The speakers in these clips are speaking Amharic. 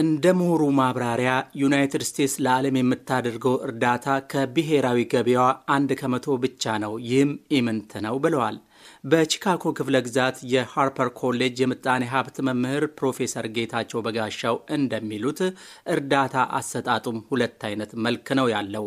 እንደ ምሁሩ ማብራሪያ ዩናይትድ ስቴትስ ለዓለም የምታደርገው እርዳታ ከብሔራዊ ገቢዋ አንድ ከመቶ ብቻ ነው። ይህም ኢምንት ነው ብለዋል። በቺካጎ ክፍለ ግዛት የሃርፐር ኮሌጅ የምጣኔ ሀብት መምህር ፕሮፌሰር ጌታቸው በጋሻው እንደሚሉት እርዳታ አሰጣጡም ሁለት አይነት መልክ ነው ያለው።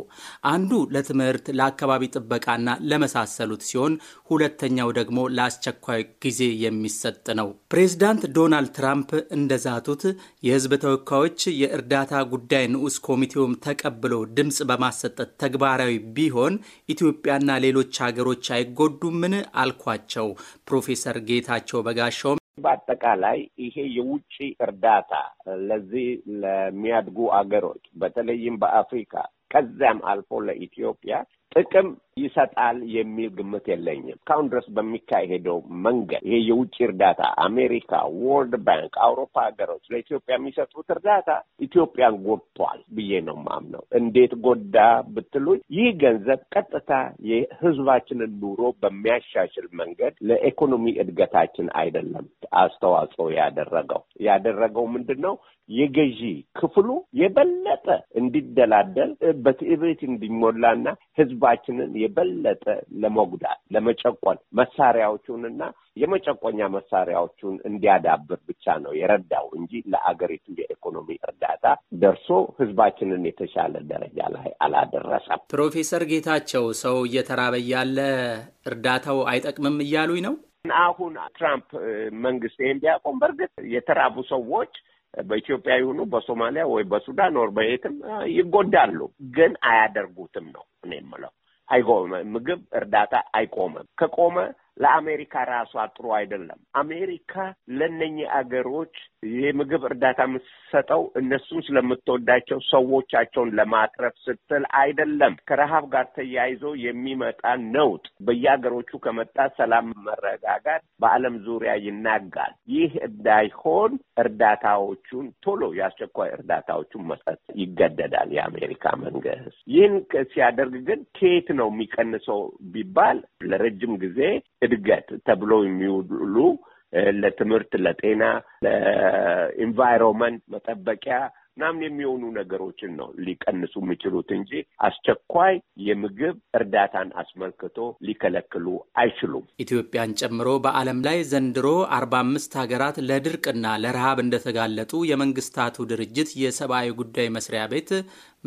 አንዱ ለትምህርት፣ ለአካባቢ ጥበቃና ለመሳሰሉት ሲሆን ሁለተኛው ደግሞ ለአስቸኳይ ጊዜ የሚሰጥ ነው። ፕሬዚዳንት ዶናልድ ትራምፕ እንደዛቱት የህዝብ ተወካዮች የእርዳታ ጉዳይ ንዑስ ኮሚቴውም ተቀብሎ ድምፅ በማሰጠት ተግባራዊ ቢሆን ኢትዮጵያና ሌሎች ሀገሮች አይጎዱምን አልኳ ያልኳቸው ፕሮፌሰር ጌታቸው በጋሻውም በአጠቃላይ ይሄ የውጭ እርዳታ ለዚህ ለሚያድጉ አገሮች በተለይም በአፍሪካ ከዚያም አልፎ ለኢትዮጵያ ጥቅም ይሰጣል የሚል ግምት የለኝም። እስካሁን ድረስ በሚካሄደው መንገድ ይሄ የውጭ እርዳታ አሜሪካ፣ ወርልድ ባንክ፣ አውሮፓ ሀገሮች ለኢትዮጵያ የሚሰጡት እርዳታ ኢትዮጵያን ጎድቷል ብዬ ነው ማምነው። እንዴት ጎዳ ብትሉኝ ይህ ገንዘብ ቀጥታ የህዝባችንን ኑሮ በሚያሻሽል መንገድ ለኢኮኖሚ እድገታችን አይደለም አስተዋጽኦ ያደረገው ያደረገው ምንድን ነው? የገዢ ክፍሉ የበለጠ እንዲደላደል በትዕቢት እንዲሞላና ሕዝባ ህዝባችንን የበለጠ ለመጉዳት ለመጨቆን መሳሪያዎቹንና የመጨቆኛ መሳሪያዎቹን እንዲያዳብር ብቻ ነው የረዳው እንጂ ለአገሪቱ የኢኮኖሚ እርዳታ ደርሶ ህዝባችንን የተሻለ ደረጃ ላይ አላደረሰም። ፕሮፌሰር ጌታቸው ሰው እየተራበ ያለ እርዳታው አይጠቅምም እያሉኝ ነው። አሁን ትራምፕ መንግስት ይህን ቢያቆም በእርግጥ የተራቡ ሰዎች በኢትዮጵያ ይሁኑ በሶማሊያ ወይ በሱዳን ወር በየትም ይጎዳሉ፣ ግን አያደርጉትም ነው አይቆምም። ምግብ እርዳታ አይቆምም። ከቆመ ለአሜሪካ ራሷ ጥሩ አይደለም። አሜሪካ ለነኚህ አገሮች የምግብ እርዳታ የምትሰጠው እነሱን ስለምትወዳቸው ሰዎቻቸውን ለማትረፍ ስትል አይደለም። ከረሃብ ጋር ተያይዞ የሚመጣ ነውጥ በየሀገሮቹ ከመጣ ሰላም፣ መረጋጋት በዓለም ዙሪያ ይናጋል። ይህ እንዳይሆን እርዳታዎቹን ቶሎ የአስቸኳይ እርዳታዎቹን መስጠት ይገደዳል የአሜሪካ መንግስት። ይህን ሲያደርግ ግን ከየት ነው የሚቀንሰው ቢባል ለረጅም ጊዜ እድገት ተብሎ የሚውሉ ለትምህርት፣ ለጤና፣ ለኢንቫይሮንመንት መጠበቂያ ምናምን የሚሆኑ ነገሮችን ነው ሊቀንሱ የሚችሉት እንጂ አስቸኳይ የምግብ እርዳታን አስመልክቶ ሊከለክሉ አይችሉም። ኢትዮጵያን ጨምሮ በዓለም ላይ ዘንድሮ አርባ አምስት ሀገራት ለድርቅና ለረሃብ እንደተጋለጡ የመንግስታቱ ድርጅት የሰብአዊ ጉዳይ መስሪያ ቤት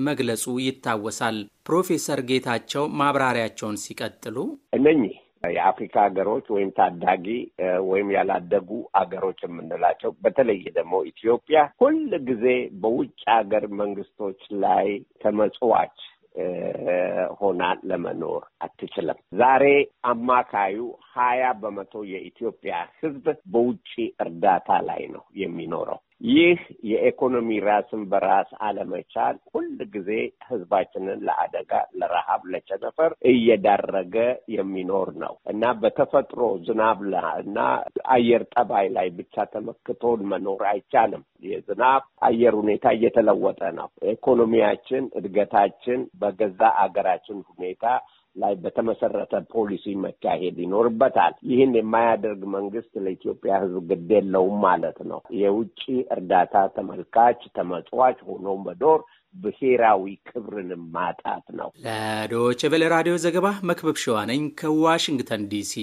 መግለጹ ይታወሳል። ፕሮፌሰር ጌታቸው ማብራሪያቸውን ሲቀጥሉ እነኚህ የአፍሪካ ሀገሮች ወይም ታዳጊ ወይም ያላደጉ ሀገሮች የምንላቸው በተለይ ደግሞ ኢትዮጵያ ሁል ጊዜ በውጭ ሀገር መንግስቶች ላይ ተመጽዋች ሆና ለመኖር አትችልም። ዛሬ አማካዩ ሀያ በመቶ የኢትዮጵያ ሕዝብ በውጭ እርዳታ ላይ ነው የሚኖረው። ይህ የኢኮኖሚ ራስን በራስ አለመቻል ሁል ጊዜ ህዝባችንን ለአደጋ፣ ለረሃብ፣ ለቸነፈር እየዳረገ የሚኖር ነው እና በተፈጥሮ ዝናብ እና አየር ጠባይ ላይ ብቻ ተመክቶን መኖር አይቻልም። የዝናብ አየር ሁኔታ እየተለወጠ ነው። ኢኮኖሚያችን፣ እድገታችን በገዛ አገራችን ሁኔታ ላይ በተመሰረተ ፖሊሲ መካሄድ ይኖርበታል። ይህን የማያደርግ መንግስት ለኢትዮጵያ ሕዝብ ግድ የለውም ማለት ነው። የውጭ እርዳታ ተመልካች ተመጽዋች ሆኖ መዶር ብሔራዊ ክብርንም ማጣት ነው። ለዶይቼ ቬለ ራዲዮ ዘገባ መክበብ ሸዋነኝ ከዋሽንግተን ዲሲ